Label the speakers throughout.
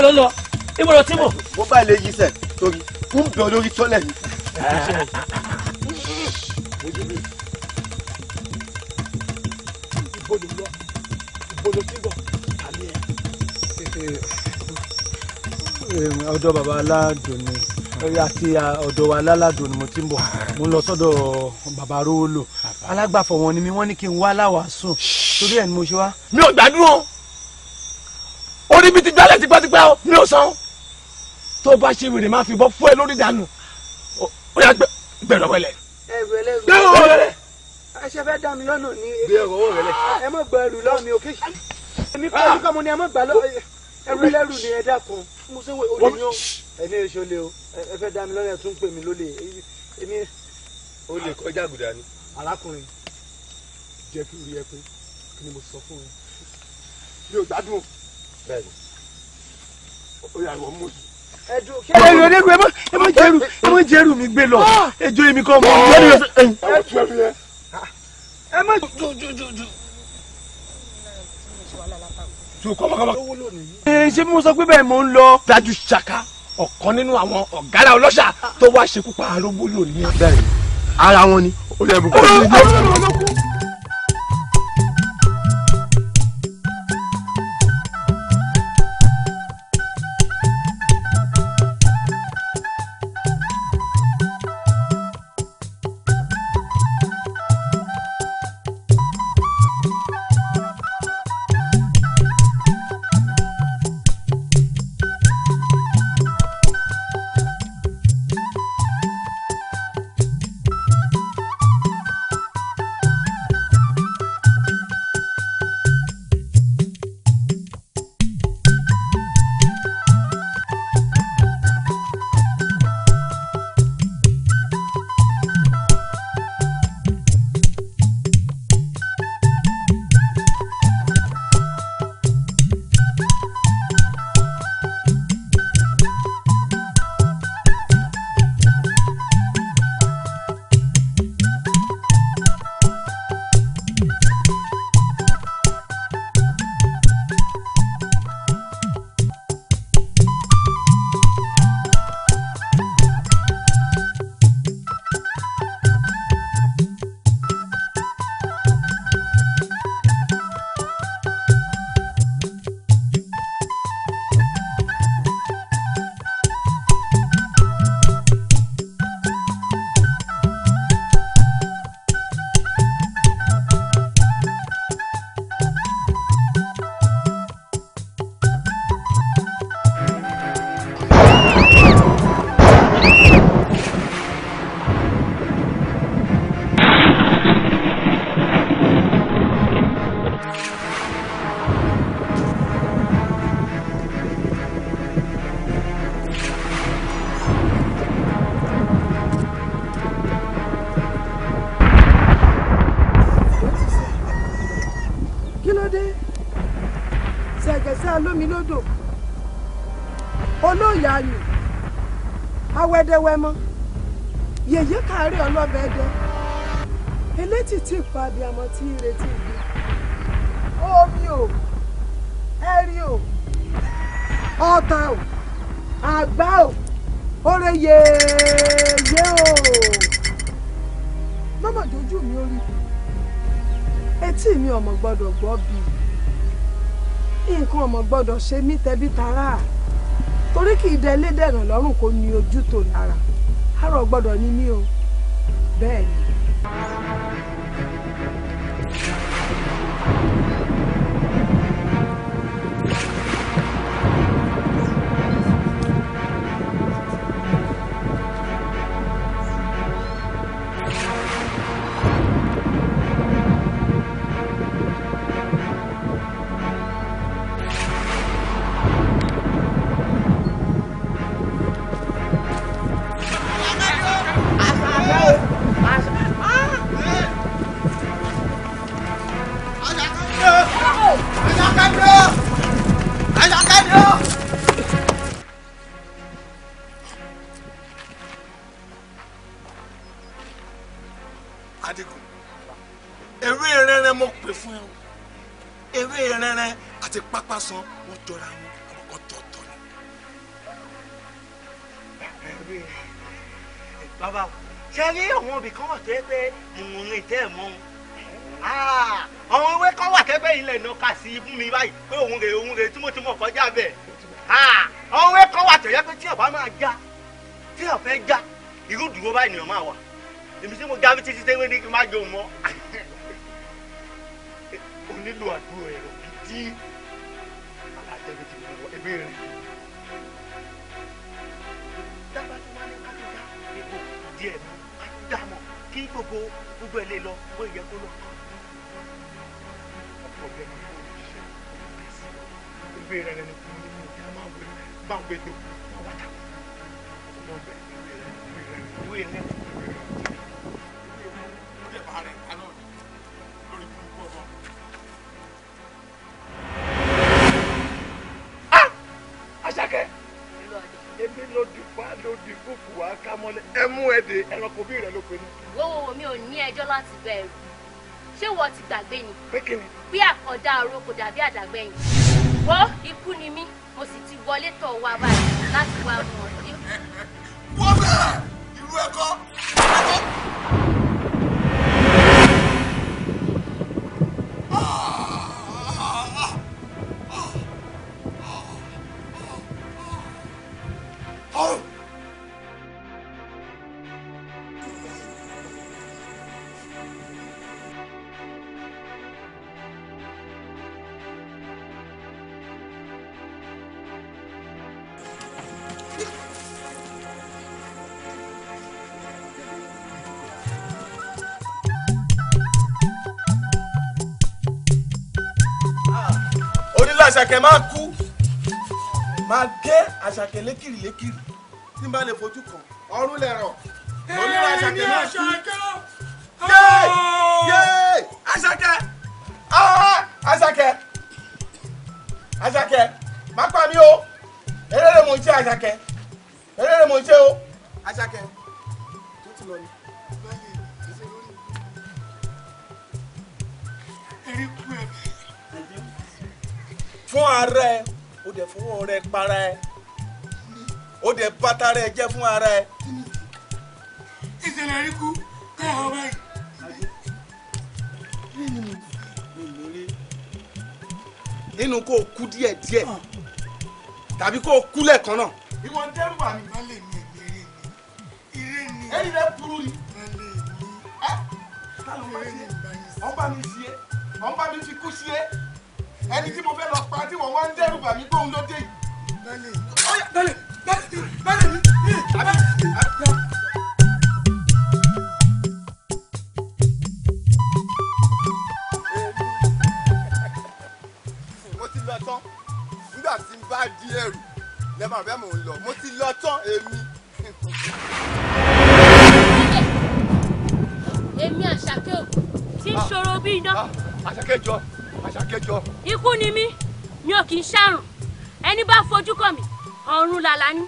Speaker 1: ibo ló ń lọ ibo ló ti mọ̀. mo bá ilé yìí sẹ torí ń bẹ olórí tọ́lẹ̀ mi. ibo ló lọ ibo ló ti bọ̀ àmì ẹ̀. ọ̀dọ̀ baba aládùn ni àti ọ̀dọ̀ wa alálàdùn ni mo ti ń bọ̀ mo ń lọ sọ́dọ̀ baba arówó lò wọn ni mi wọ́n ní kí n wá láwàásùn torí ẹ̀ ni mo ṣe wá. mi ò gbádùn o rárá o mi ò san tó bá ṣe wèrè máa fi bọ́ fún ẹ lórí dànù ó yà gbẹ̀rọ wẹlẹ̀. ẹrù ẹlẹ́rù gbẹ̀rọ wẹlẹ̀. aṣẹ fẹ́ dá mi lọ́nà ní. gbẹ̀rọ wẹlẹ̀. ẹ mọ̀ gba ẹrù lọ́wọ́ mi òkè. èmi fẹ́ ẹni kọ́ mo ní ẹ mọ̀ gbà lọ ẹrù ẹlẹ́rù ni ẹ dákun. mo ṣe olè ní o. ẹni oṣù olè o ẹ fẹ́ dá mi lọ́nà tún pè mí lólè èmi. o lè kọjá àgùdà ni. arákùnrin jẹ́ kí n rí ẹ pé kí ni mo sọ fún ẹ mi gbádùn. bẹ́ẹ̀ni ẹ̀rù ẹ̀rù ẹ̀mọ ẹ̀mọ jẹ́rù ẹ̀mọ jẹ́rù mi gbé lọ ah! ẹjọ́ èmi kan mọ̀ jẹ́rù ẹ̀yìn. ẹ̀mọ jòjòjòjò. tu kọ́mọkọ́mọ. ẹ ṣé bí mo sọ pé bẹ́ẹ̀ mo ń lọ. dájú ṣaka ọ̀kan nínú àwọn ọ̀gára ọlọ́ṣà tó wá ṣekú pa arógbó lónìí. bẹ́ẹ̀ ni ara wọn ni. ó yẹ kó kó gbọ́dọ̀ ṣe mí tẹbí tará torí kì í dẹ dẹ̀rọ̀ lọ́rùn kò ní ojú tó lára àárọ̀ gbọ́dọ̀ ní mí o bẹ́ẹ̀ ni. wá ènìyàn máa wà èmi tí mo ga bí títí tẹ́wé ní kí n má jẹun mọ́ o nílò àdúrà ẹ̀rọ gidi alájẹbí ti mú ẹgbẹ́ rẹ̀ dábàá tí wọ́n á ní kájọba ètò díẹ̀ dámọ̀ kí gbogbo gbogbo ẹ̀ lè lọ bó ìyẹn kó lọ. ọ̀pọ̀lọpọ̀ ẹgbẹ́ ni kò ní mú ìyá máa wẹ̀ báwọn gbẹdọ̀ wọ́n wá ta ọ̀pọ̀lọpọ̀ ẹranko bí rẹ ló pe ní.
Speaker 2: wọ́wọ́ mi ò ní ẹjọ́ láti bẹ̀rù ṣé wọ́n ti gbàgbé ni. pé kí ni. bí àkọ́dá oró kò dàbí àdàgbẹ̀yìn. wọ́n ikú ni mí mo sì ti wọlé tọ̀ wá báyìí láti wá mú ìlú ẹ̀kọ́.
Speaker 1: àṣàkẹ́ máa kú máa gé àṣàkẹ́ lékiri lékiri tí n bá lè fojú kàn ọrùn lẹ̀rọ̀ onírò àṣàkẹ́ máa kú yéé oh! yéé ah! àṣàkẹ́ má pa mí o eré lè mò ń ṣe àṣàkẹ́ eré lè mò ń ṣe o àṣàkẹ́ tó ti lọ ni. ara ẹ ó dẹ̀ fọwọ́ rẹ para ẹ ó dẹ̀ bàtà rẹ jẹ́ fún ara ẹ. ìṣẹ̀lẹ̀ rí kú káyà ọba yìí. nínú kó o kú díẹ̀díẹ̀ tàbí kó o kú lẹ́ẹ̀kan náà. ìwọ dẹ́rù wà ní. má lè ní ìbéèrè mi ìrè ni. ẹni rẹ burú ni. má lè ní. ẹ ká ló máa ṣe ọba mi fi kú ṣe ẹni tí mo fẹ́ lọ pa tí wọ́n wá ń dẹ́rù bà mí gbóhùn lóde yìí. bẹ́ẹ̀ni bẹ́ẹ̀ni bẹ́ẹ̀ni bẹ́ẹ̀ni. bá
Speaker 2: di ẹrù lẹ́mọ̀ àbẹ́ mò ń lọ mo ti lọ tán èmi. èmi àṣàkẹ́ ò tí ń ah. ṣòro bí iná. Ah, àṣàkẹ́ jọ sọ. ikú ni mí mi ò kì í ṣàrùn ẹni bá fojú kàn mí ọ̀run làlá ni.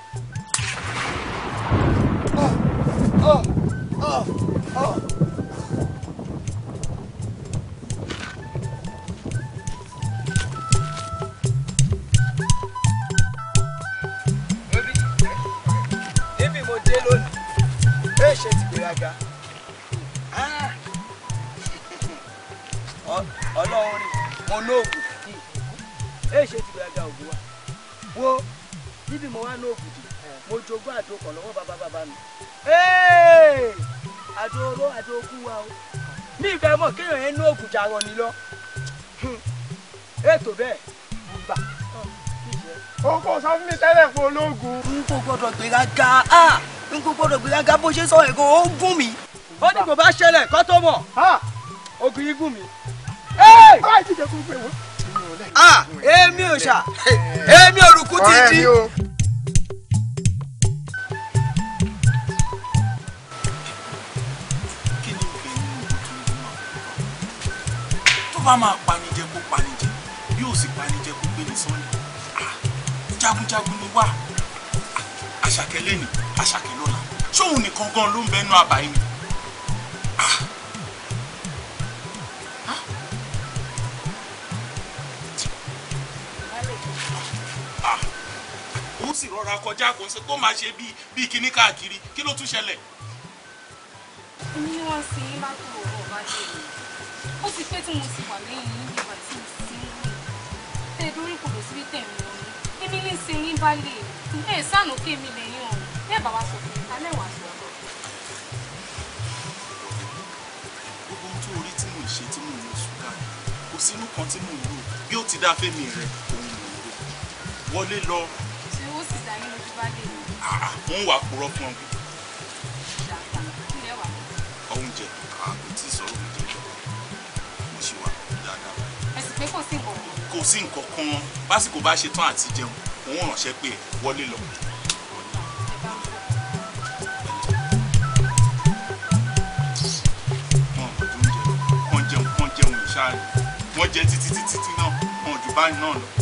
Speaker 1: arọ ni lọ ètò hmm. eh, bẹ́ẹ̀ gbà. o kò sọ fún mi tẹ́lẹ̀ fún ológun. n kò gbọdọ̀ gbéraga n kò gbọdọ̀ gbéraga bó ṣe sọ èkó ó gún mi. ó ní kò bá ṣẹlẹ̀ kó tó mọ̀ ogun yìí gún mi. èmi ò ṣà èmi ò rùkú títí. bá máa panijẹ kó panijẹ bí ò sì panijẹ kó gbé ní sọ́ọ̀lì jagunjagun ni wá àṣàkẹ́ lẹ́nu àṣàkẹ́ lọ́la ṣóun nìkan gan ló ń bẹnu àbáyé ni. òun sì rọra kọjá kò ṣe kó máa ṣe bíi bíi kíní káàkiri kí ló tún ṣẹlẹ̀.
Speaker 2: ní wọ́n sì ń bá tó ọ̀rọ̀ bá ṣe ó ti pẹ́ tí mo ti wà lẹ́yìn yín tí mo ti ń wò tẹ lórí kò lọ síbi tẹ̀mí ọ̀run èmi ní sin ní balẹ̀ ẹ̀ sànù kémi lẹ́yìn ọ̀run bẹ́ẹ̀ bá wa sọ fún mi ká mẹ́wàá sọ ọ́.
Speaker 1: gbogbo ohun tó orí tí mò ń ṣe tí mò ń lo ṣúgà kò sínú kan tí mò ń lò bí ó ti dá fẹ́mi rẹ̀ òun lò ó wọlé lọ.
Speaker 3: ṣé ó sì dá yín lójú
Speaker 2: bá lè.
Speaker 1: mo ń wà á purọ́ fún ọ sí nǹkan kan básìkò bá ṣe tán àti jẹun òun ránṣẹ́ pé wọlé lọ. wọ́n jẹ títí títí náà wọ́n jù báyìí náà lọ.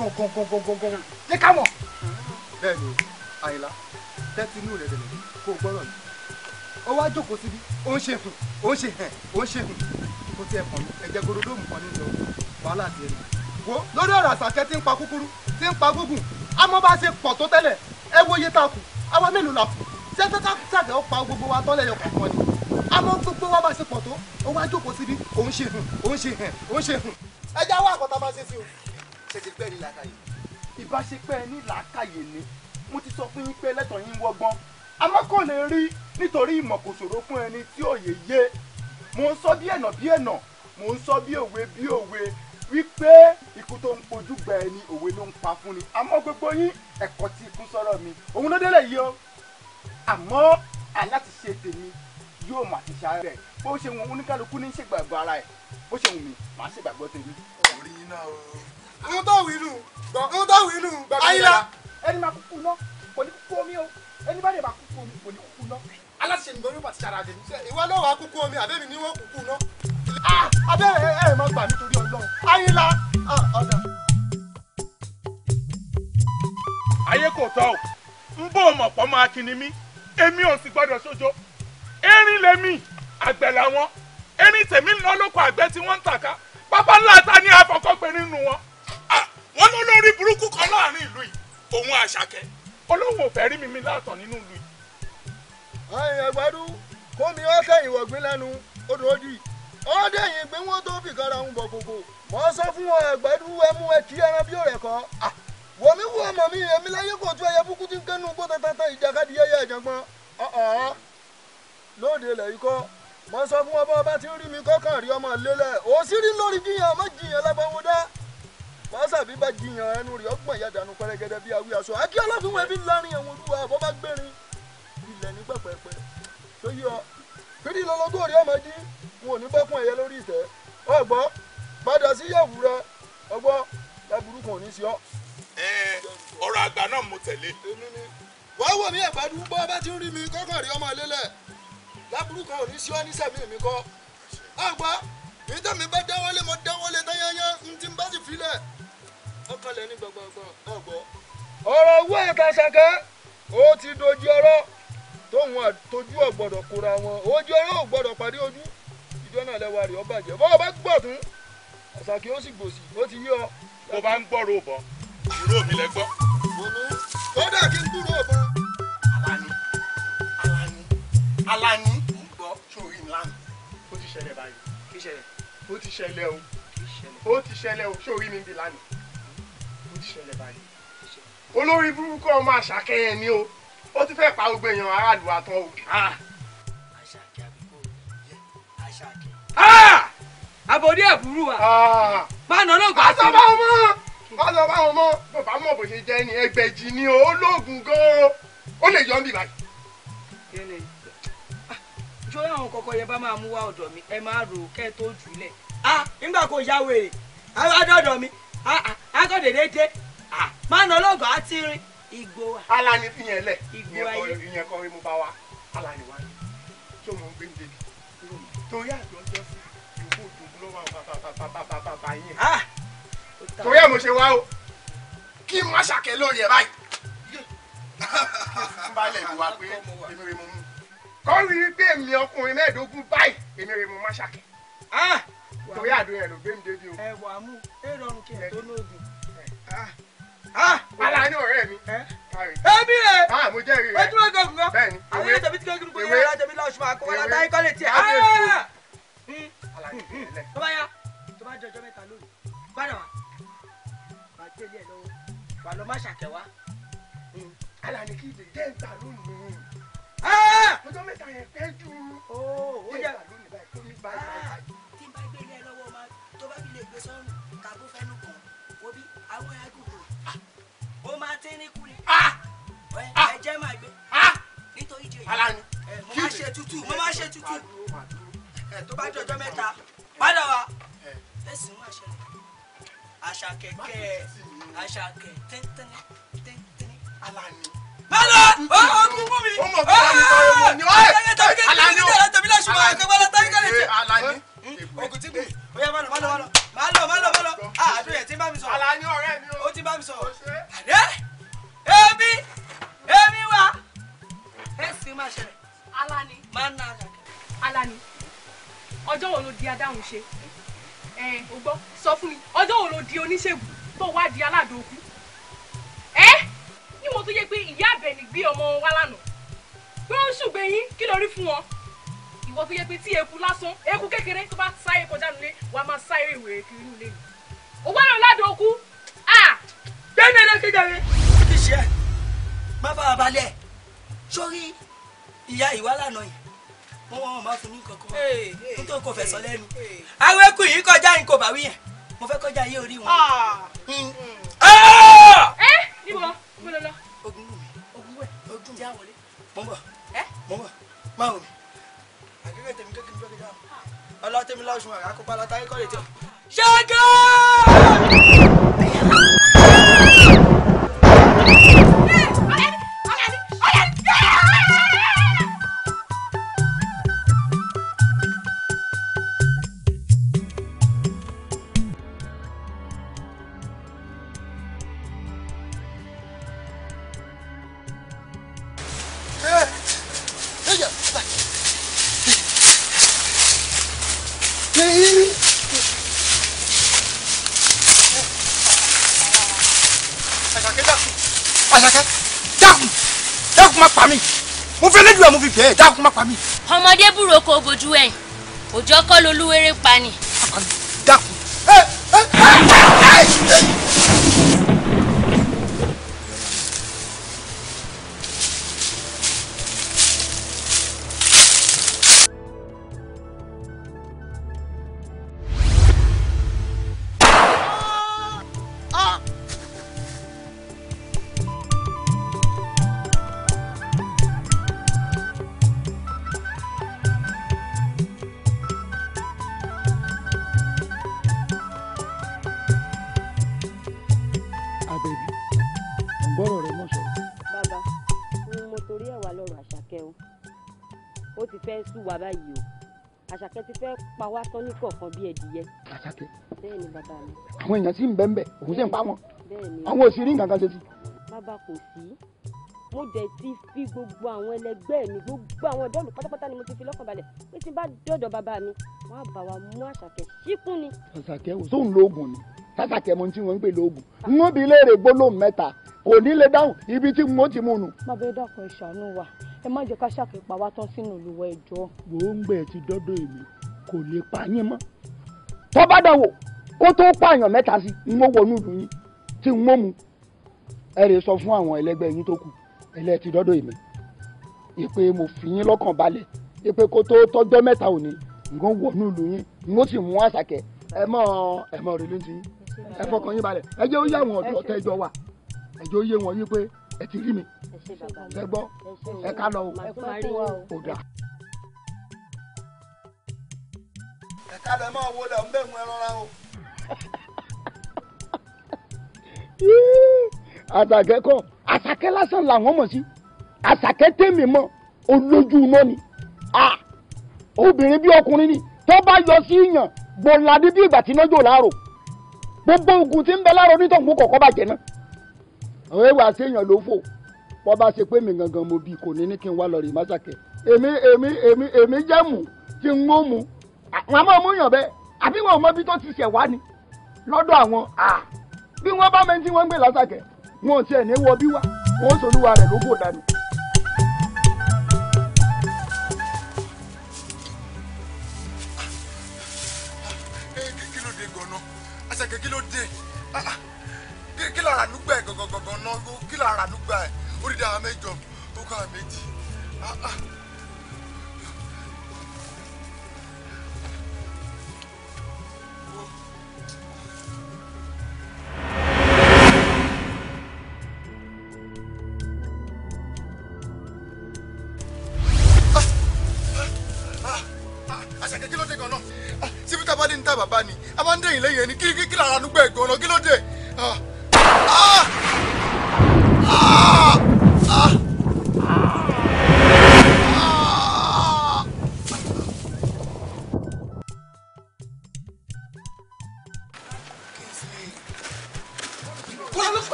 Speaker 1: gangan jẹ́ ká mọ̀. bẹ́ẹ̀ ni àyìnlá tẹ́tí inú rẹ̀ dẹ̀lẹ̀ kó o gbọ́rọ̀ mi ó wá jókòó síbi ó ń ṣe hùn ó ń ṣe hẹn ó ń ṣe hùn kò tiẹ̀ kàn mí ẹ̀jẹ̀ gorodóòmù kan nílò wàhálà tiẹ̀ nù. wo lórí ọ̀rọ̀ àṣàkẹ́ tí ń pa kúkúrú tí ń pa gúgùn àmọ́ bá ṣe pọ̀ tó tẹ́lẹ̀ ẹ wo iye tá a kù àwa mélòó la kù ṣé tẹ́tà ṣàkẹ́ ó pa gbogbo wa tọ́lẹ̀ yọ kọ̀ọ̀kan ni àmọ́ gbogbo wa bá ṣe pọ̀ tó ó wá jókòó síbi ó ń ṣe hùn ó ń ṣe hẹn ó ń ṣe hùn ẹ̀jẹ̀ àwọn àkọ́tà máa ṣe sí o ṣẹ̀ṣẹ̀ pẹ́ ní làákàyè. ìbáṣepẹ́ ní làákàyè ni mo ti sọ fún yín pé ẹlẹ́tọ̀ yín wọ́gbọ́n àmọ́ kò lè rí nítorí ìmọ̀ kò ṣòro fún ẹni tí òye yé mo ń sọ bí ẹ̀nà bí ẹ̀nà mo ń sọ bí òwe bí òwe wípé ikú tó ń pojú gba ẹni òwe ló ń pa fún ni àmọ́ gbogbo yín ẹ̀kọ́ tí ikú sọ̀rọ̀ mi òun ló délé yìí o àmọ́ aláti ṣe tèmi yóò mà ti ṣàárẹ̀ rẹ̀ bó ṣe wù oníkálukú ní ṣègbàgbọ́ ara ẹ̀ bó ṣe wù mí màá ṣègbàgbọ́ tèmi. orí náà o àwọn tó wí nù gbọ́ àwọn tó wí nù gbọ́. ayila ẹni máa kúkú ná kò ní kúkú omi o ẹni bá lè máa kúkú omi kò ní kúkú ná. aláṣẹ nìkan yóò bá ti ṣara àjẹ níṣẹ ìwọ náà wàá kúkú omi àbẹ́mi ni wọ́n kúkú ná. Ah, abẹ́rẹ́ ẹ̀ ẹ̀ máa gbà nítorí Ọlọ́run ayila ah, ọ̀dà. ayé kò tọ́ o ń bó o mọ̀ pọ́ máa kíni mí èmi ò sì gbọ́dọ̀ sójó erin lèmi àgbẹ̀ làwọn erin tèmi ń lọ lóko àgbẹ̀ tí wọ́n ń tàka pápá ńlá ta ni àfọkọ́gbẹ̀rin nù wọn wọ́n ló lórí burúkú kan láàrin ìlú yìí òun àṣàkẹ́ olóhùn òfẹ́ rí mi mi láàtọ̀ nínú ìlú yìí. àyìn àgbàdo kómi ọ̀sẹ̀ ìwọ̀gbìn lẹ́nu odò ojú yìí ọdẹ yìí gbé wọn tó fi kára ń bọ gbogbo mọ sọ fún wọn àgbàdo ẹmú ẹtí ẹran bí òrẹ kọ wọmi wo ọmọ mi èmi láyé kò tún ẹyẹ búkú tí ń kẹnu gbó tantan ìjàkadì ẹyẹ ẹjọgbọn ọ̀ọ́ lóde ilẹ̀ yìí kọ́ mọ sọ fún ọba ọba tí ń rí mi kọ́kàn rí ọmọ lélẹ̀ òsì rí lórí jiyàn má jiyàn lágbàwọ́dá mọ́sàbí bá jiyàn ẹnu rẹ̀ ọgbọ̀n ìyá dànù pẹrẹgẹdẹ bíi awí aṣọ akí ọlọ́fin wọn bí lárin ẹ̀wọ̀n olúwa àbọ̀ bá gbẹ̀rin ilẹ̀ ní pẹ̀pẹ̀pẹ̀ tó yí ọ pírí lọ́lọ́gbọ́ rẹ̀ ọmọ dín wọn ò ní bọ́kún ẹ̀yẹ lórí ìtẹ́ ọgbọ́ padà sí yẹ̀wù rẹ ọgbọ́ láburú kan ò sí ọ. ọ̀rọ̀ àgbà náà mo tẹ̀lé. wọ́n wò mí ẹ̀gbádú bọ́ bá ti ń rí mi kọ́kàn rí ọmọ lélẹ̀ láburú kan ò ní sí ọ ní mi kọ́ mo dáwọ́lé tán yányán ń ti bá ọkọlẹ̀ ní gbọ̀ngbọ̀ngbọ̀n ọ̀gbọ́. ọ̀rọ̀ owó àtàṣàkẹ́ ó ti dojú ọ̀rọ̀ tóun àtọjú ọ̀gbọ̀dọ̀ kóra wọn ojú ọ̀rọ̀ ò gbọ́dọ̀ parí ojú ìjọ náà lẹ́wà rẹ̀ ọ̀bàjẹ́ bọ́ọ̀ bá gbọ̀ tún àṣàkí ó sì gbòsì ó ti yí ọ. bó bá ń gbọ́rọ̀ ò ìró mi lẹ gbọ́. ó kí n kúrò ò alani alani alani ń gbọ́ sórí ńlánà ó ti ṣẹlẹ̀ báyìí ó ti ṣẹlẹ̀ o ó ti ṣẹlẹ̀ o sórí mi bí lánàá ti ṣẹlẹ̀ báyìí olórí burúkú ọmọ àṣàkẹ́ yẹn ni o ó ti fẹ́ pa gbogbo èèyàn aráàlú àtọ́ o. àbòdí ẹ̀bùrú wa pàánù náà kò sí. àtọ́bá ọmọ àtọ́bá ọmọ bàbá mọ̀ bó ṣe jẹ́ ni ẹgbẹ̀jì ni o olóògùn gan-an ó lè yọ níbàyí. jọ ah, àwọn kọkọ yẹn bá máa mú wá ọ̀dọ̀ mi ẹ máa rò kẹ́ tó jùlẹ̀. Ah, nígbà kò yá wèrè àwọn ọ̀dọ̀ mi ah, kákọ̀dédé dé ah, mánu ọlọ́gọ̀ á ti rin ìgbò wa. alani fi yẹn lẹ ìyẹn kọ mo bá wa alani wa tó mo ń gbé níbi torí àjọ ọjọ́ sí ìwọ òdòdó lọ́wọ́ bàbàbàbàbà yẹn ah! torí ẹ̀ mo ṣe wá o kí n má ṣàkẹ́ lórí ẹ̀ báyìí n balẹ̀ ìwà pé èmi rè mo mú kọ́ rí i pé èmi ọkùnrin mẹ́ẹ̀ẹ́dógún báyìí èmi rè mo má ṣàkẹ́ ah! torí àdó yẹn ló gbé mi débi o. ẹ̀wà mú èrò ọ̀run kí n tó lóògùn. Ah, ni ah, ah, ah, ọ̀rẹ́ mi. ẹbí rẹ ojúmọ́ kan kan àwọn ilé tẹ̀mí tí kò kúrú bóyá ọlá tẹ̀mí lọ́sùn máa kó wọn látàrí kọ́lé tiẹ̀. Hmm. Hmm, hmm. tó bá yá tó bá jọjọ́ mẹ́ta lónìí gbádùn wa bá tẹ̀lé ẹ̀ lọ́wọ́ wà lọ́ má ṣàkẹ́wà. ala ni kí ìdè
Speaker 2: Ah! ẹ jẹ́ máa gbé ah! nítorí di èyí mo máa ṣe tútù mo máa ṣe tútù tó bá dọjọ́ mẹ́ta padà wá
Speaker 1: ẹ̀sìn máa ṣe àṣà kẹ̀kẹ́ àṣà kẹ̀ tẹ́ntẹ́nẹ́ tẹ́ntẹ́nẹ́ alani. bala o kun fún mi. o mọ̀ kó lọ́nà sọ̀rọ̀ mọ̀ ni wáyé alani o alani ogun ti kun o yẹ má lọ má lọ má lọ má lọ má lọ ah, àdúyẹ tí bá mi sọ. alani ọ̀rẹ́ mi o. o ti bá mi sọ. àdé.
Speaker 2: ti máa ṣẹlẹ̀. alani. máa na àṣàkẹ́. alani ọjọ́ wo ló di adáhùn ṣe ẹ o gbọ́ sọ fún mi ọjọ́ wo ló di oníṣègùn tó wá di aládòókú ẹ ní mo tó yẹ pé ìyá àbẹ̀ní gbé ọmọ wọn wá lánàá pé ó ń ṣùgbẹ́ yín kí ló rí fún wọn ìwọ tó yẹ pé tí eku lásán eku kékeré tó bá sáyé kọjá nílé wàá máa sáyé ìwé kiri nílé mi o wá lọ ládòókú gbẹ́mẹ̀rẹ́ kékeré. ó ti
Speaker 1: ṣe é má fara balẹ̀ sórí ìyá ìwá lànà yìí
Speaker 2: wọ́n wọ́n máa fún mi kankan wọ́n tó kò fẹ̀sọ lẹ́nu àwọn ekun yìí kọjá yìí kò bá wí yẹn mo fẹ́ kọjá yé orí wọn. ẹ ah. hmm. ah! eh, níbo mo lọ lọ. ogun wù mí ogun wẹ̀ ojú mi àwọlé mo ń bọ̀ eh? mo ń bọ̀ máa wù mí àkẹ́kẹ́ tèmi kékeré gbẹ́gbẹ́ jà ọlọ́tẹ́mi lọ́sùn àrà kópa lọ́tà ikọ̀ lè tẹ̀.
Speaker 3: ṣẹ́gun.
Speaker 1: fẹ́ lẹ́dùn àmú fi bẹ́ẹ̀ dákun má pa mí.
Speaker 2: ọmọdé búrò kò bójú ẹ̀yìn òjò kọ́ lolúwerè pa ni. dákun. tẹ ti fẹ́ pa wá tán ní kọ̀ọ̀kan bí ẹ̀dìyẹ. àṣàkẹ́. bẹ́ẹ̀ ni bàbá mi.
Speaker 1: àwọn èèyàn sì ń bẹ́ ń bẹ̀ òun sì ń pa wọn. bẹ́ẹ̀ ni. àwọn òsì rí nǹkan kan ṣe sí.
Speaker 2: bàbá kò sí mo dẹ̀ ti fi gbogbo àwọn ẹlẹgbẹ́ mi gbogbo àwọn ọ̀dọ́ mi pátápátá ni mo ti fi lọ́kàn balẹ̀ pé tí n bá dọ̀dọ̀ bàbá mi wọ́n á bá wa mú àṣàkẹ́ síkún ni.
Speaker 1: àṣàkẹ́ ò sóun lóògùn ni sásàkẹ́ mo ti wọ́n ń lóògùn ń bí léèrè gbólóhùn mẹ́ta kò ní lè dáhùn ibi tí mo ti mú un.
Speaker 2: bàbá ẹ dákun ìṣàánú wa ẹ má jẹ́ ká ṣàkópa wá tán sínú olùwọ ẹjọ́.
Speaker 1: gbòǹgbẹ ti dọdọ èmi kò lè pa yín mọ́. tó bá dàwọ kó tó pààyàn mẹ́ta sí i mo wọnú ìlú yín tí mo mú ẹ lè sọ fún àwọn ẹlẹgbẹ́ yín tó kù ẹlẹ ti dọdọ èmi ìpè mo fi yín lọ́kàn balẹ̀ ìpè kó tó tọ́jọ́ mẹ́ta òní nǹkan wọnú ìlú yín n ó sì mú àṣàkẹ́ ẹ mọ ẹ mọ rẹ lóyún ti yín ẹ fọkàn yín balẹ̀ ẹ jẹ́ ó yẹ àwọn ọ̀dọ́ tẹ́jọ́ wà ẹ jẹ́ ó yẹ wọn yín pé ẹ ti rí mi ẹ gbọ́ ẹ ká lọ o ò dà. ẹ ká lọ máa wo lọ ń bẹ̀ ń wẹ rọra o. àtàkẹ́ kọ́ àtàkẹ́ lásán làwọn mọ̀ sí àtàkẹ́ tèmi mọ́ olójú iná ni obìnrin bí ọkùnrin ni tó bá yọ sí yàn gbọ̀nladé bí ìgbà tí iná jò láàrò gbogbo ogun tí ń bẹ láàrò onítọ̀hún kọ̀ọ̀kan bàjẹ́ náà àwọn èèwà séèyàn ló fò bọ́ bá ṣe pé mi gangan mo bí kò ní ní kí n wá lọ rè mọ́sàkẹ́ èmi èmi èmi èmi jẹ́ mú tí n ó mú àwọn àmọ́ mú yàn bẹ́ẹ̀ àbí wọn ò mọ ibi tó ti ṣẹ̀ wá ni lọ́dọ̀ àwọn bí wọ́n bá mẹ́ni tí gbé lásàkẹ́ wọn ò tiẹ̀ ní wọ bí wá wọn ò solúwa rẹ̀ ló kò dànù. kí ló dé gan-an àṣàkẹ́ kí ló dé. Ah, ah kí lára nùgbà ẹ̀ gọ̀gọ̀gọ̀gọ̀ náà kí lára nùgbà ẹ̀ ó rí dára mẹ́jọ ó kọ́ àméjì. àṣàkẹ́ kí ló dé gan náà síbi tá a bá tá bàbá ni a máa ń dẹ̀yìn lẹ́yìn ẹni kí kí lára nùgbà ẹ̀ g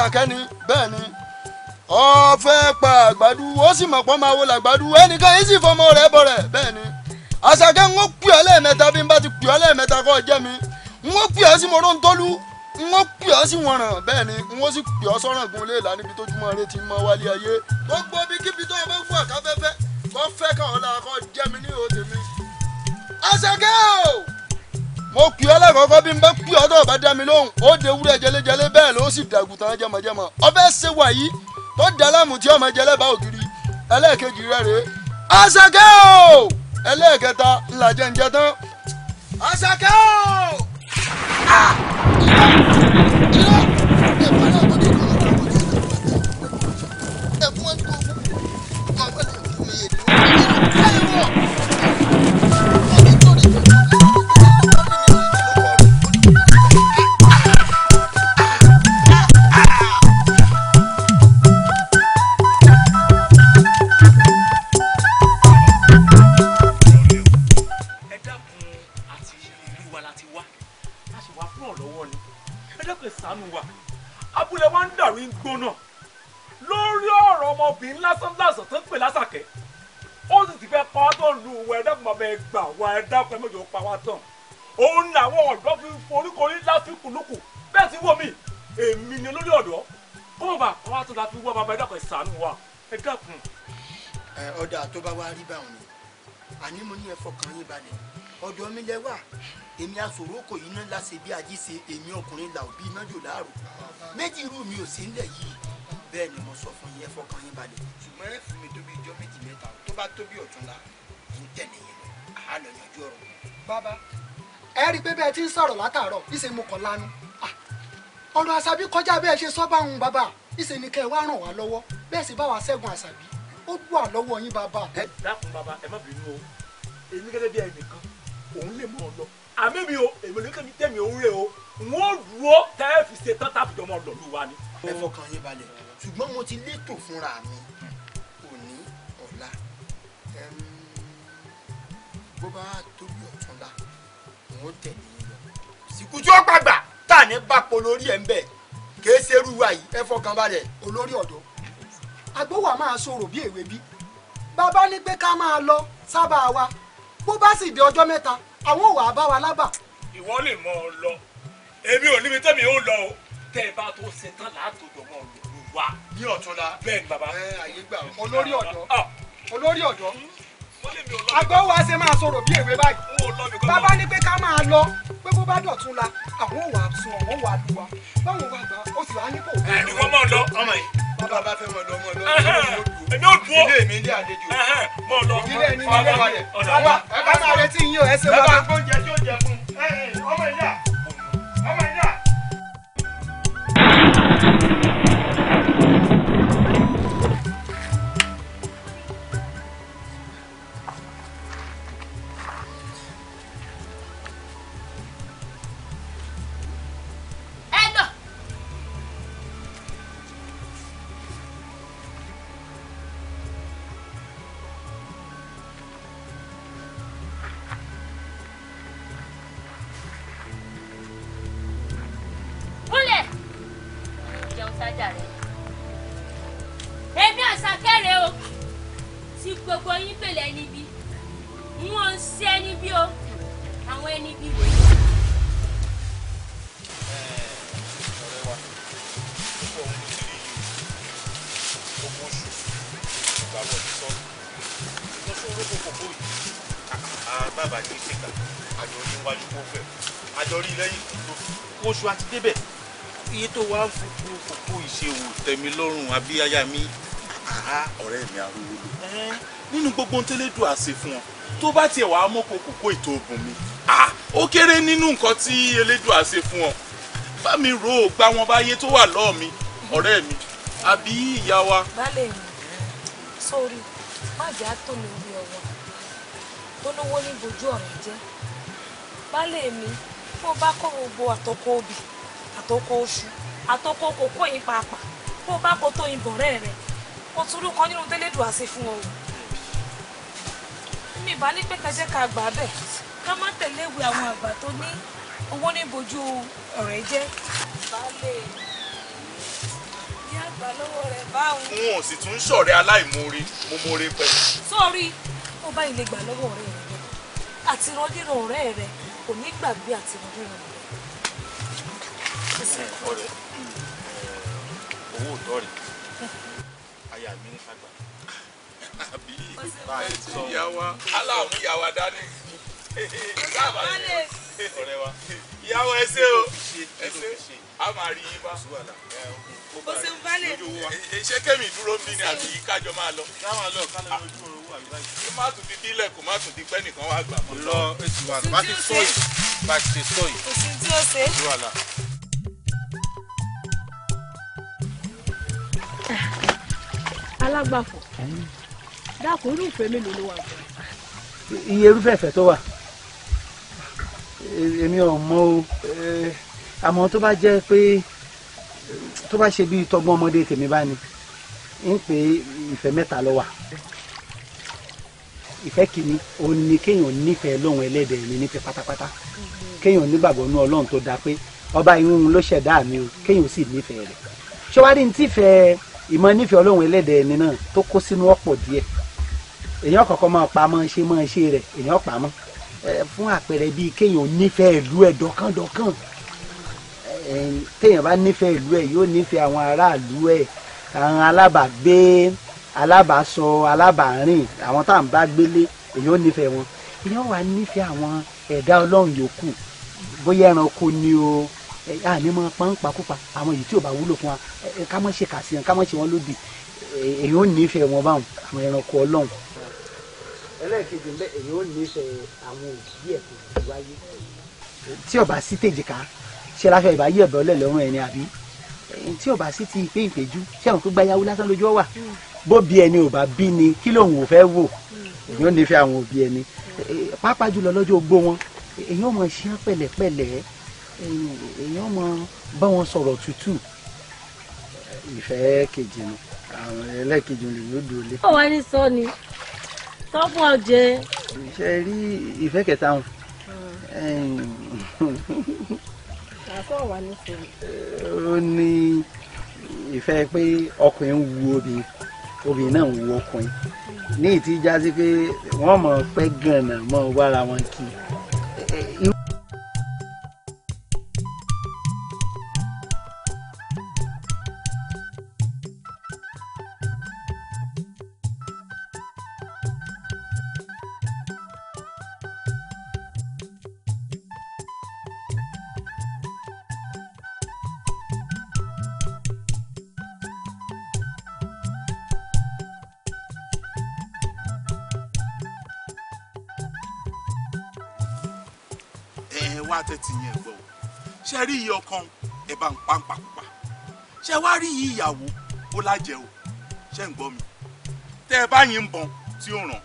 Speaker 1: àṣàkẹ́ ni bẹ́ẹ̀ ni ọ̀fẹ́ pa àgbàdo ó sì mọ̀ pọ́n máa wo làgbàdo ẹnìkan yìí sì fọmọ rẹ̀ bọ̀ rẹ̀ bẹ́ẹ̀ ni àṣàkẹ́ ń pè ọ́ lẹ́ẹ̀mẹ́ta bí n bá ti pè ọ́ lẹ́ẹ̀mẹ́ta kọ́ ọ jẹ́ mi ń pè ọ́ sí morontolu ń pè ọ́ sí wọ̀nràn bẹ́ẹ̀ ni ń sì pè ọ́ sọ́ràn gun lé ìlànà ibi tójúmọ́ rẹ ti mọ wálé ayé gbogbo bí kíbi tó o bá fún àkáfẹ́fẹ́ mo kì í alákọ̀ọ́kọ́ bí n bá kí ọdọ̀ bá dá mi lóhùn ó de wúrẹ́ jẹlẹjẹlẹ bẹ́ẹ̀ ló sì dàgùtàn jẹmọjẹmọ ọbẹ̀ ṣe wàyí tó da láàmú tí ọmọ jẹlẹ bá ògiri ẹlẹ́ẹ̀kejì rẹ̀ rèé àṣàkẹ́ o ẹlẹ́ẹ̀kẹta ńlá tán àṣàkẹ́ o. tó ń pè lásàkẹ́ ó sì ti fẹ́ pa wá tó ń lu ìwà ẹ̀dá mọ̀ bẹ́ẹ̀ gbà wà ẹ̀dá pẹ́ méjì ó pa wá tán òun làwọn ọ̀dọ́ fi foríkorí láfikùnlùkù bẹ́ẹ̀ sì wò mí èmi ni olórí ọ̀dọ́ kó o bá pa wá tó la fi wọ́ bàbá ẹ̀dá pẹ́ sànù wa ẹ kẹ́kùn. ẹ ọ̀dà tó bá wá rí báwọn ni àní mo ní ẹ fọkàn yín balẹ̀ ọ̀dọ̀ mi lẹ wà èmi asòrókò yìí náà láṣẹ bí ají ṣe èmi ọkùnrin là òbí náà jò láàrò méjì irú mi ò sí nílẹ̀ yìí bẹ́ẹ̀ ni mo sọ fún yín ẹ fọkàn yín balẹ̀ ṣùgbọ́n ẹ fún mi tó ijọ́ méjì mẹ́ta tó bá tó bí ọ̀túnla ń tẹ̀ nìyẹn á lọ yanjú ọ̀rọ̀. bàbá ẹ rí i pé bẹ́ẹ̀ ti ń sọ̀rọ̀ látàárọ̀ ìṣe mo kàn lanu ọ̀rọ̀ àṣàbí kọjá bẹ́ẹ̀ ṣe sọ́ bá òun bàbá ìṣe ni kẹ́ ẹ wá ràn wá lọ́wọ́ bẹ́ẹ̀ sì bá wa ṣẹ́gun àṣàbí ó wà lọ́wọ́ yín bàbá. ẹ dákun bàbá ẹ má bínú o èmi gẹ́gẹ́ mi o mi tẹ̀mí òun rè o fi ṣe tán tàbí ọmọ ọ̀dọ̀ lù wá ni. ẹ fọkàn yín balẹ̀ ṣùgbọ́n mo ti létò fúnra mi òní ọ̀la bó bá tóbi ọ̀túnla n ó tẹ̀lé yín lọ. sìkú tí ó pàgbà tá à ní bàpọ̀ lórí ẹ̀ ń bẹ̀ kì í ṣerú wa yìí ẹ fọkàn balẹ̀ olórí ọ̀dọ́. agbówà máa sọ̀rọ̀ bí èwe bí bàbá ní pé ká máa lọ sábà wa bó bá sì di ọjọ́ mẹ́ta àwọn ò wá bá wa lábà. ìwọ lè mọ ọ lọ èmi ò níbi tẹ́mi ò lọ o tẹ́ ẹ bá tó ṣe tán làá tó jọmọ lọ wà ní ọ̀túnla bẹ́ẹ̀ ni bàbá. olórí ọ̀dọ́ olórí ọ̀dọ́ àgbọ̀ wa ṣe máa sọ̀rọ̀ bí èwe báyìí bàbá ní pé ká máa lọ pé bó bá dọ̀tún la àwọn òwà sun àwọn òwà lu wa báwọn wà gbà ó sì wá ní kò. ẹni wọn máa lọ ọmọ yìí. bàbá bá fẹ́ mọ̀ lọ mọ̀ lọ èmi ò dúró ilé mi ilé àlejò mọ̀ lọ ilé ẹni ní ilé wa rẹ̀ bàbá ẹ bá máa retí yín o ẹ ṣe wá. ẹ bá gbóúnjẹ tí ó jẹ fún ọmọ ìyá. ọ̀run abíyáyá mi ọ̀rẹ́ mi arúgbó nínú gbogbo ntẹ́lẹ́dù àṣẹ fún ọ tó bá tiẹ̀ wàá mọ́ kókó kó ètò oògùn mi ó kéré nínú nǹkan tí elédùn àṣẹ fún ọ bá mi rò ó gba wọn báyé tó wà lọ́ọ̀ mi ọ̀rẹ́ mi àbí ìyá wa.
Speaker 2: baálé mi sórí má jẹ́ àtò lórí ọwọ́ tó lówó ní bojú ọ̀rẹ́ jẹ́ baálé mi tó bá kọ́ gbogbo àtọkọ obì àtọkọ oṣù àtọkọ kòkó yìí pàápàá bó bá kó tó ìbọn rẹ rẹ kó tún lù kan nínú tẹlẹdùn àṣẹ fún ọ mi bá ní pé kẹjẹ ká gbà bẹ ká má tẹ̀lé ìwé àwọn àgbà tó ní owó ní bojú ọ̀rẹ́ jẹ́ baálé ní àgbà lọ́wọ́ rẹ̀ báwọn. n ò sì tún
Speaker 1: ṣọ̀rẹ́ aláìmoore mo moore pẹ̀lú.
Speaker 2: sọ́ọ̀rí ó bá ilé gbà lọ́wọ́ ọ̀rẹ́ rẹ̀ àti ọ̀rẹ́ rẹ̀ kò ní gbàgbé àti rọ́díran
Speaker 1: owó tọ́ rẹ̀ aya mi ní fagbà. àbí báyìí sọ ìyá wa aláàmú dání sábà ní ọ̀rẹ́ wa ìyá wa o ẹsẹ̀ a máa rí yín iṣẹ́ kẹ́mi dúró ń bí ni àbí kájọ máa lọ. káwọn lọ kálọ̀ lójú owó àbí báyìí. kí má tún ti dílẹ̀ kó má tún ti pẹ́ nìkan wá gbà lọ ètò àgbà ti sọ yìí bá ti sọ yìí. kò sí tí ó ṣe.
Speaker 2: alágbàfọ̀ dákun irú ìfẹ́ mélòó ló wà
Speaker 1: bẹ́ẹ̀. iye irúfẹ́ ìfẹ́ tó wà e, èmi ò mọ o e, àmọ́ tó bá jẹ́ pé tó bá ṣe bíi tọgbọ́n ọmọdé tèmi bá ní ń pè ìfẹ́ mẹ́ta ló wà ìfẹ́ kìíní òun ni kéèyàn nífẹ̀ẹ́ lóhun ẹlẹ́dẹ̀ mi nífẹ̀ẹ́ pátápátá kéèyàn nígbàgbọ́ nú ọlọ́run tó dáa pé ọba irun ló ṣẹ̀dá mi o kéèyàn sì nífẹ̀ẹ́ rẹ̀ ṣọwádìí ní tífẹ̀ẹ́ ìmọ̀ nífẹ̀ẹ́ ọlọ́run ẹlẹ́dẹ̀ ẹni náà tó kó sínú ọ̀pọ̀ díẹ̀ èèyàn kọ̀ọ̀kan máa pa máa ṣe máa ṣe rẹ̀ èèyàn pa mọ́ fún àpẹẹrẹ bíi kéèyàn nífẹ̀ẹ́ ìlú ẹ̀ dọ́kàndọ́kàn téèyàn bá nífẹ̀ẹ́ ìlú ẹ̀ yóò nífẹ̀ẹ́ àwọn aráàlú ẹ̀ àwọn alábàgbé alábàásọ alábàárìn àwọn tá à ń bá gbélé èèyàn nífẹ̀ẹ́ wọn èèyàn wà nífẹ̀ẹ́ àwọn ẹ̀dá ọlọ́run yòókù bóyá ẹranko ni o àní mọ pánpákópa àwọn èyí tí ò bá wúlò fún wa ká mọ̀ ṣe kàsí wọn ká mọ̀ ṣe wọn lódì èyí ò nífẹ̀ẹ́ wọn báwọn àwọn ẹranko ọlọ́run. ẹlẹ́ẹ̀kejì mbẹ́ èyí ò nífẹ̀ẹ́ àwọn òbí ẹ̀ tó wáyé. tí ọba sí tèjìká ṣe láfẹ́ ìbá yí ẹ̀bẹ̀ ọlẹ́ lọ́rùn ẹni àbí tí ọba sí ti pé ìpéjú ṣé àwọn tó gbáyàwó lásán lójú ọ̀wà bó bí ẹni ò bá bí ni kí lòun ò fẹ́ wò èyí ò nífẹ̀ẹ́ àwọn òbí ẹni pàápàá jùlọ lọ́jọ́ ogbó wọn èyí ò mọ̀ ṣe pẹ̀lẹ́pẹ̀lẹ́ èèyàn mọ bá wọn sọ̀rọ̀ tútù ìfẹ́ kejì ni àwọn ẹlẹ́kejì ni yóò dúró lé.
Speaker 2: ọwọ́ ní sọ ni sọ fún ọ jẹ.
Speaker 1: ṣe rí ìfẹ́ kẹta hàn. àṣọ wà ní sọ̀rọ̀. ó ní ìfẹ́ pé ọkùnrin wu obìnrin obìnrin náà wu ọkùnrin ní ìtìjà pé wọ́n mọ̀ pẹ́ gànà mọ́ wára wọn kì í. parí ìyàwó ó lájẹ o ṣé ń gbọ́ mi tẹ́ ẹ bá yín bọ̀n tí ó ràn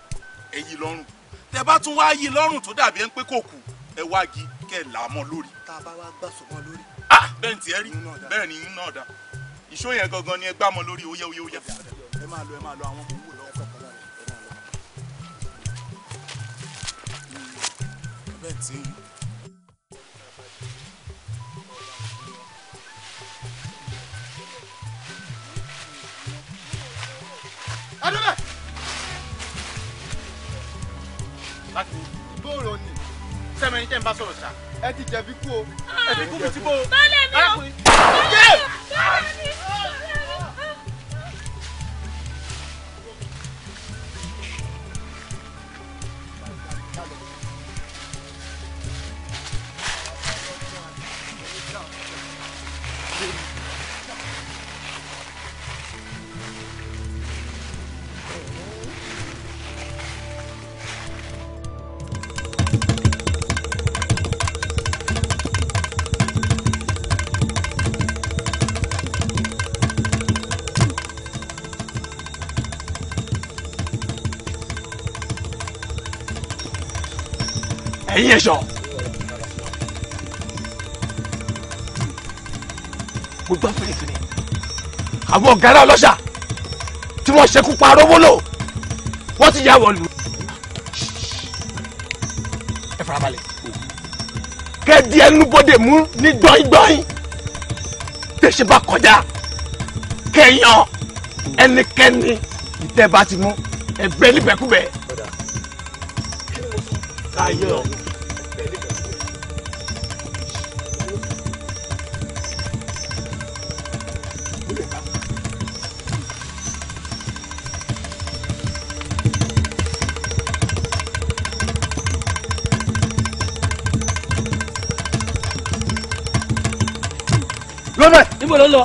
Speaker 1: ẹ yí lọ́rùn tẹ́ ẹ bá tún wá yí lọ́rùn tó dàbí ẹ ń pé kò kù ẹ wá gi kẹ́ ẹ là á mọ́ lórí. tá a bá wá gbà sọ̀mọ́ lórí. ah bẹ́ẹ̀ ni tiẹ̀ rí bẹ́ẹ̀ ni yín náà dá ìṣó yẹn gangan ni ẹ gbá mọ́ lórí oyè oyè oyè. ẹ máa lọ ẹ máa lọ àwọn ọmọ òwúrọ̀ ọkọ̀ bẹ́ẹ̀ tí ẹnu bẹ. láti bóòrò ni sẹ́mi ẹni tẹ́ ń bá sọ̀rọ̀ sá ẹ ti jẹ̀bi kú o ẹ̀bi kú mi ti bó o. bọ́lẹ̀ Action mo gbá fèrèfèrè àwọn ọ̀gára ọlọ́ṣà tí wọ́n ṣekú pa arówólò wọ́n ti yà wọ̀lú. ẹ farabalẹ̀ kẹ́ẹ̀dì ẹnubodè mú ní gbọ́ngbọ́n tẹ̀sí bá kọjá kẹ́yàn ẹnikẹ́ni ìtẹ́ bá ti mú ẹgbẹ́ níbẹ̀kúbẹ̀ ibo ló ń lọ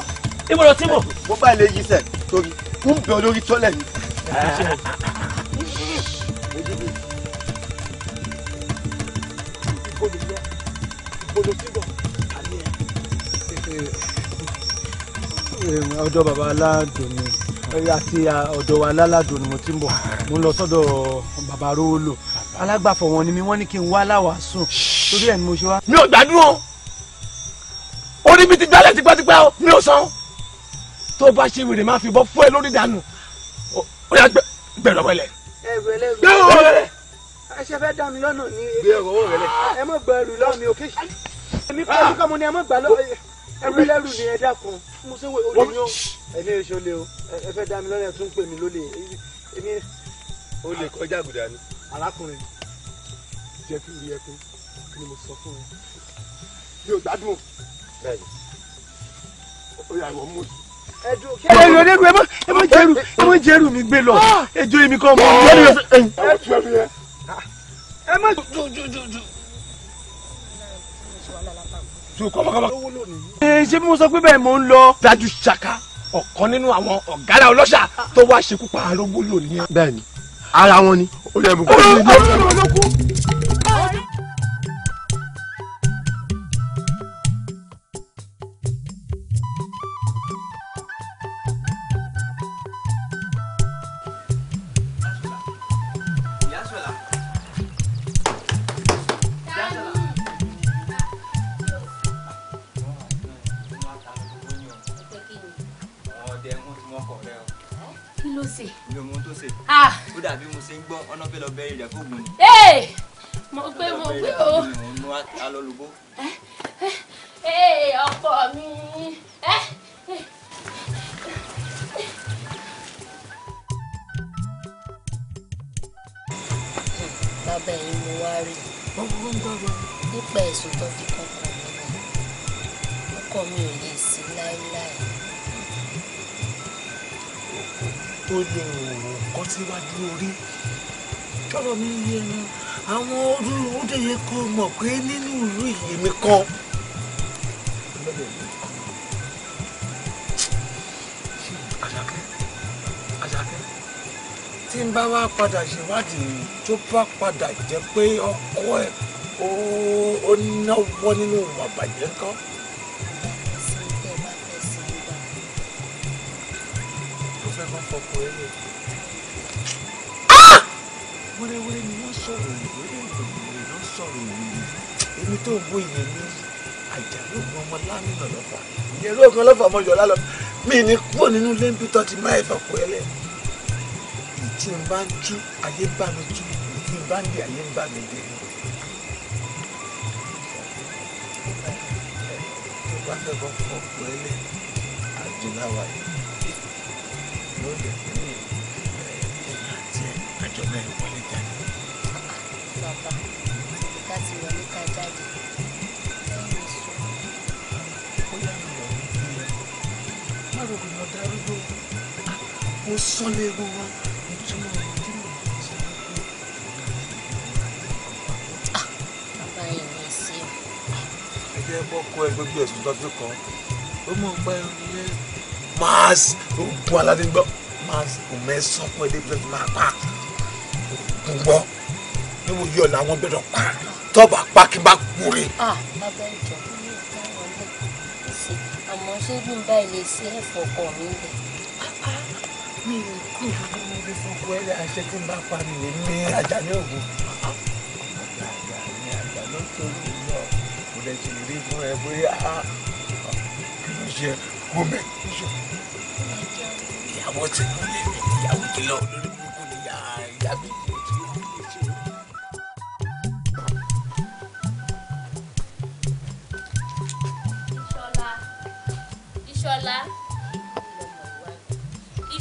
Speaker 1: ibo ló ti mọ̀. mo bá ilé yìí sẹ torí ń bẹ olórí tọ́lẹ̀ mi. ọ̀dọ̀ baba aládùn ni àti ọ̀dọ̀ wa aládùn ni mo ti ń bọ̀ mo ń lọ sọ́dọ̀ baba arówó alágbàfọ̀ wọn ni mi wọ́n ní kí n wá láwàásùn torí ẹ̀ ni mo ṣe wá. mi ò gbádùn o pẹ́ o mi ò san tó o bá ṣe wèrè máa fi bọ́ fún ẹ lórí dànù ó yà gbẹ lọ́wọ́ ẹlẹ.
Speaker 2: gbẹ lọ́wọ́ ẹlẹ.
Speaker 1: ẹ ṣe fẹ́ dá mi lọ́nà ni. gbé ọwọ́ rẹ lẹ. ẹ mọ̀ gbọ́ ẹrù lọ́wọ́ òkè. èmi kọ́ ẹni kọ́mu ni ẹ mọ̀ gbà lọ́wọ́ ẹrù ẹlẹ́rù ni ẹ dákun. mo ṣe wo olè yóò. ẹni èso le o ẹ fẹ́ dá mi ẹ tún pè mí lólè. èmi ò kọjá àgùdà ni. arákùnrin jẹ́ kí n rí ẹkún kí ni mo sọ fún ẹ. yóò gbádùn ẹ lọ lẹ́nu ẹ má jẹ́rù ẹ má jẹ́rù mi gbé lọ ah! ẹjọ́ èmi kan mọ́ ah! ẹ má jọ jọ jọ jọ ṣé mo sọ pé bẹ́ẹ̀ mo ń lọ. dájú ṣaka ọ̀kan nínú àwọn ọ̀gára ọlọ́ṣà tó wá ṣekú pa arógbó lónìí. bẹ́ẹ̀ni ara wọn ni. ó yẹ kó ní ilé. bẹ Yakubu ni.
Speaker 2: ee mo gbé mo gbé o.
Speaker 1: ọ̀nù alólùbó.
Speaker 2: ee ọkọ mi. Eh, eh. bàbá yìí mo wá rí nípa ẹ̀sùn tó fi kankan mi náà ọkọ mi ò lè sí láéláé.
Speaker 1: tó lè wò ó kọ́ síwájú orí sọ̀rọ̀ mi yé mi àwọn olóró ó dẹ̀yẹ kó mọ̀ pé nínú ìlú ìyè mi kan. àṣàkẹ́ àṣàkẹ́ tí n bá wá padà ṣèwádìí tó bá padà jẹ́ pé ọkọ ẹ̀ ó náwó nínú ìwà bàjẹ́ kan. Thank you wẹ́rẹ́wẹ́rẹ́ ni wọ́n sọ̀rọ̀ wẹ́rẹ́wẹ́rẹ́ wọ́n sọ̀rọ̀ wẹ́rẹ́ èmi tó wo ìyẹn mi àjàló kan ọmọ lámìnà lọ́fà ìyẹn ló kan lọ́fà mọ́jọ lálọ́ mi ní kúrò nínú lẹ́ńbí tó ti máa ẹ̀fà kú ẹlẹ́ ìtì ń bá ń tú ayé bá mi tú ìtì ń bá ń dé ayé ń bá mi dé. tó bá fẹ́ kọ́ fọ́ kú ẹlẹ́ àjọláwa yìí ló lè fún mi ẹ̀ ẹ̀ àti ẹ̀ àjọ mẹ́rin
Speaker 2: àgbà ká ti wọlé ká jáde lẹ́yìn sùn.
Speaker 3: ó yà mí lọ nílé má rògbò mọ darúgbó mo sọ léwu wọn ìtumọ̀ rẹ̀ tí mo sọ pé.
Speaker 1: bàbá yìí ní sí o. ẹ jẹ́ bọ́kọ ẹgbẹ́gbẹ́ ẹ̀sùn lọ́dún kan ó mọ̀ nípa ẹni yẹn máa ogun aládé gbọ́ máa ogun mẹ́sàn-án pẹ̀lú ẹgbẹ́ máa pa ogun gbọ́ àbúrò yọ làwọn gbọ́dọ̀ pa tọba pákíbá kúre.
Speaker 2: àmọ́ ṣé bí n bá ilé sí ẹ̀fọ́ kọ̀ mí lẹ̀. mi
Speaker 1: ò kú ìdúró mi fọkọ ẹ̀rẹ́ àṣẹ tí n bá parí rẹ̀ ní ajá ní ògùn. àgbà ni àgbà ló tó lù lọ kò lè ṣe lè rí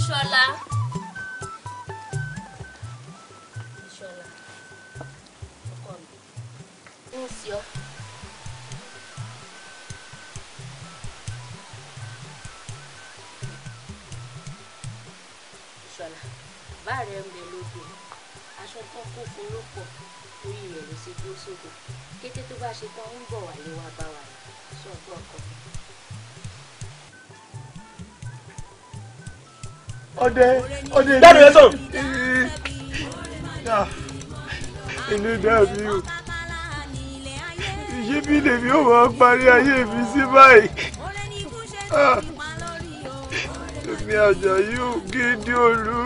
Speaker 2: Ìṣọ̀lá. Ìṣọ̀lá. Ọkọ mi. Ń sí ọ. Ìṣọ̀lá. Bá rẹ̀ ń bẹ lóko. Aṣọ tó kó fún ló pọ̀. Orí rẹ̀ ló ṣe dúró sódò. Kété tó bá ṣe tán ń bọ̀ wálé wá bá wa. Sọ fún ọkọ
Speaker 1: ọdẹ ọdẹ dáàbò yẹn sọ̀rọ̀. inú dàbí o ìyébí lèmi ò máa parí ayé mi sí báyìí ah, èmi àjàyí ò gédé olú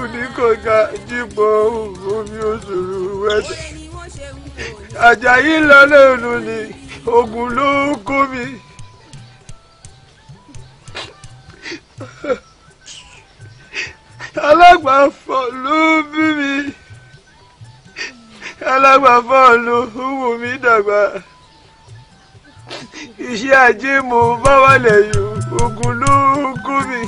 Speaker 1: oníkọ̀ọ̀gá jíbọn omi òṣòro wẹ́tẹ̀ àjàyí lọ́lọ́ọ̀nù ni ogun ló kó mi. alágbàfọ̀ ló bí mi alágbàfọ̀ ló wù mí dàgbà iṣẹ́ ajé mo bá wà lẹ́yìn ogun ló gún mi.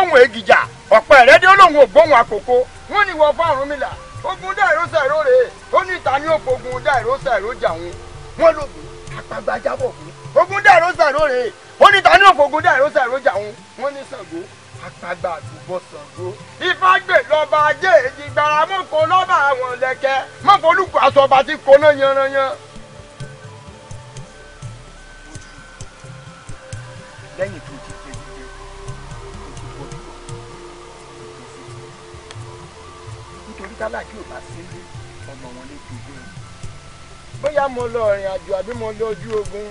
Speaker 1: gbóhùn ègìjà ọ̀pẹ rẹ dé olóhùn ògbóhùn àkókò wọn ni wọ fárùn mi ogun dàìró sàìró rèé ó ní ìta ní ogun dàìró sàìró jà wọn wọn lògùn apagba jábọ̀ ogun dàìró sàìró rèé ó ní ìta ní ogun dàìró sàìró jà wọn ní Ṣàngó apagba àdúgbò Ṣàngó. ìfàgbè lọ́ba ajé èjì mọ́kò lọ́ba àwọn lẹ́kẹ́ mọ́kò olùkọ́ àṣọba ti kóná yanranyan. tálà kí o bá sílé ọmọ wọn lè dúró bóyá mo lọ ìrìn àjò àbí mo lọ ojú ogun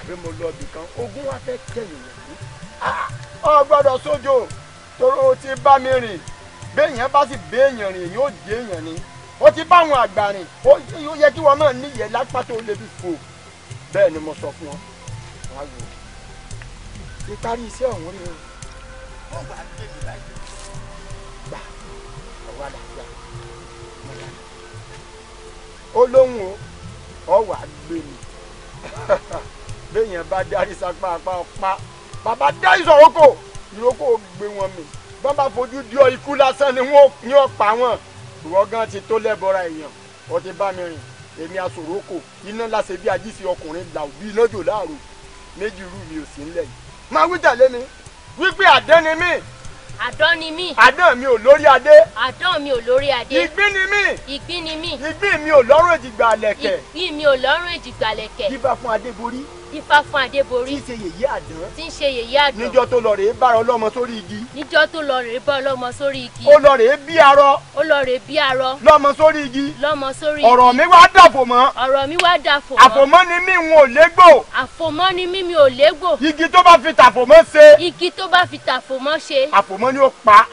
Speaker 1: àbí mo lọ ibì kan ogun wa fẹ́ kẹ̀yìn rẹ̀ ó gbọ́dọ̀ sójò torí o ti bá mi rìn béèyàn bá sì béèyàn rìn èyàn ó jẹ èèyàn ni ó ti bá àwọn àgbà rìn ó yẹ kí wọn náà níyẹn lápá tó lè fi fò bẹ́ẹ̀ ni mo sọ fún ọ wá wò ó ìparí iṣẹ́ ọ̀hún rèé o. ó lóhùn o ọ wà gbé mi béèyàn bá darí sapá apá ọpá bàbá dá ìsọ̀rọ̀kọ̀ ìrókò gbé wọn mi bọ́n bá fojú di ọ ikú lásán ni wọ́n ní ọ̀pá wọn ìwọ gan ti tó lẹ́bọra èèyàn ó ti bá mi rìn èmi àsòrókò iná láṣẹ bí ajísí ọkùnrin là òbí iná jò láàrò méjì rú mi ò sí ńlẹ̀ yìí máa wíjà lé mi wípé àdẹ́ni mi
Speaker 2: àdán ni mí. àdán
Speaker 1: mi ò lórí adé. àdán mi ò lórí adé. ìgbín ni mí. ìgbín ni mí. ìgbín mi ò lọ́rùn èjìgbà
Speaker 2: lẹ̀kẹ̀. ìgbín mi ò lọ́rùn èjìgbà lẹ̀kẹ̀. bíbá fún adé ifá fún adébórí. tí ń ṣe yèyé àdán. tí ń ṣe yèyé àdán. níjọ́ tó lọ rèé bára ọlọ́mọ sórí igi. níjọ́ tó lọ rèé bá ọlọ́mọ sórí igi. ó lọ rèé bí arọ. ó lọ rèé bí arọ. lọ́mọ sórí igi. lọ́mọ sórí igi. ọ̀rọ̀ mi wá dàfò mọ́. ọ̀rọ̀ mi wá dàfò mọ́. àfòmọ́ ni mí n ò légbò. àfòmọ́ ni mí mi ò légbò. igi tó bá fi tàfòmọ́ ṣe. igi tó bá fi tàfòmọ́ ṣe. àfòmọ́ ni ó pa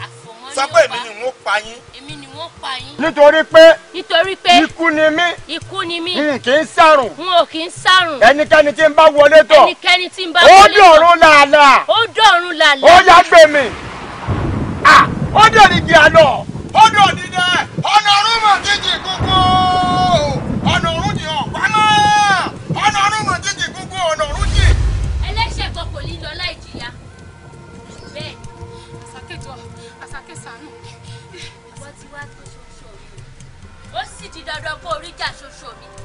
Speaker 2: sọ pé èmi ni wọ́n pa yín. èmi ni wọ́n pa yín. nítorí pé. nítorí pé. ikú ni mí. ikú ni mí. n kì í sàrùn. n ò kì í sàrùn. ẹnikẹ́ni
Speaker 1: tí ń bá wọlé tọ̀. ẹnikẹ́ni
Speaker 2: tí ń bá wọlé tọ̀. ó dọ̀run làálàá. ó dọ̀run làálàá. ó yá gbé
Speaker 1: mi. ó dẹ̀ ní di àlọ́. ó dọ̀ ní ọ̀nà ọ̀rùn mọ̀ jíjì kúkú. Що, мій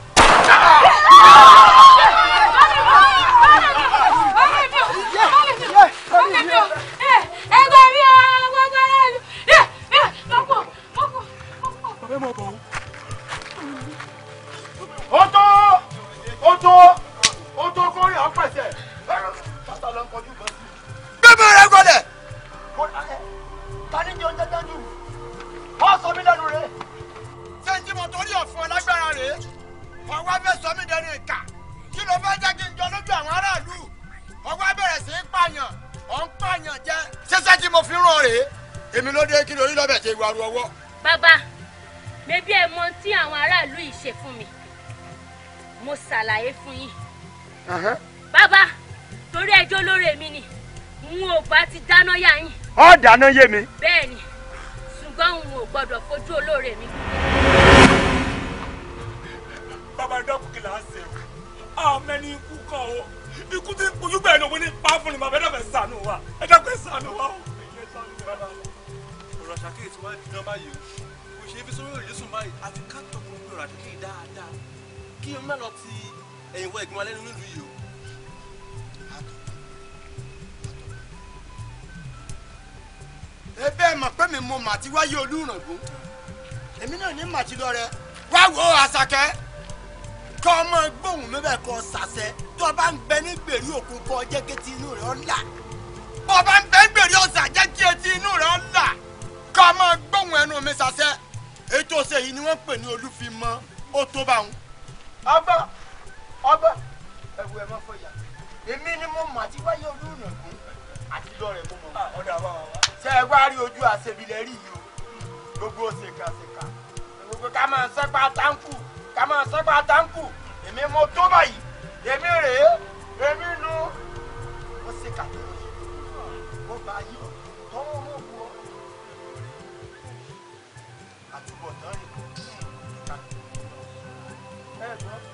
Speaker 1: dáná yé mi. èmi náà ní màtí lọ rẹ wá wò ó àṣàkẹ́ kọ́ ọmọ gbóhùn mi bẹ́ẹ̀ kọ́ sàṣẹ tó o bá ń bẹ ní gbèrí òkun kọ́ jẹ́ kí etí inú rẹ̀ ọ́ là bó o bá ń bẹ ní gbèrí ọ̀sà jẹ́ kí etí inú rẹ̀ ọ́ là kọ́ ọmọ gbóhùn ẹnu mi sàṣẹ ètò ọ̀sẹ̀ yìí ni wọ́n pè ní olúfimọ́ ó tó bá wọn. ọba ọba ẹwù ẹ má fọ ìyá èmi ni mo mà ti wáyé olúùnàgún àti lọ́rẹ̀ mo mọ̀ ah, ọ́ dà wá wá. ṣé wá rí ojú àṣebílẹ̀ rí yìí o gbogbo ṣèkàṣèkà pé ká máa sẹ́pà táǹkù ká máa sẹ́pà táǹkù èmi mo tó báyìí èmi rèé èmi nu ó ṣe kàtó mo bá yí tọ́wọ́ mọ̀ bù ọ́ àtúbọ̀tán rẹ̀ kàtó ẹ̀ lọ.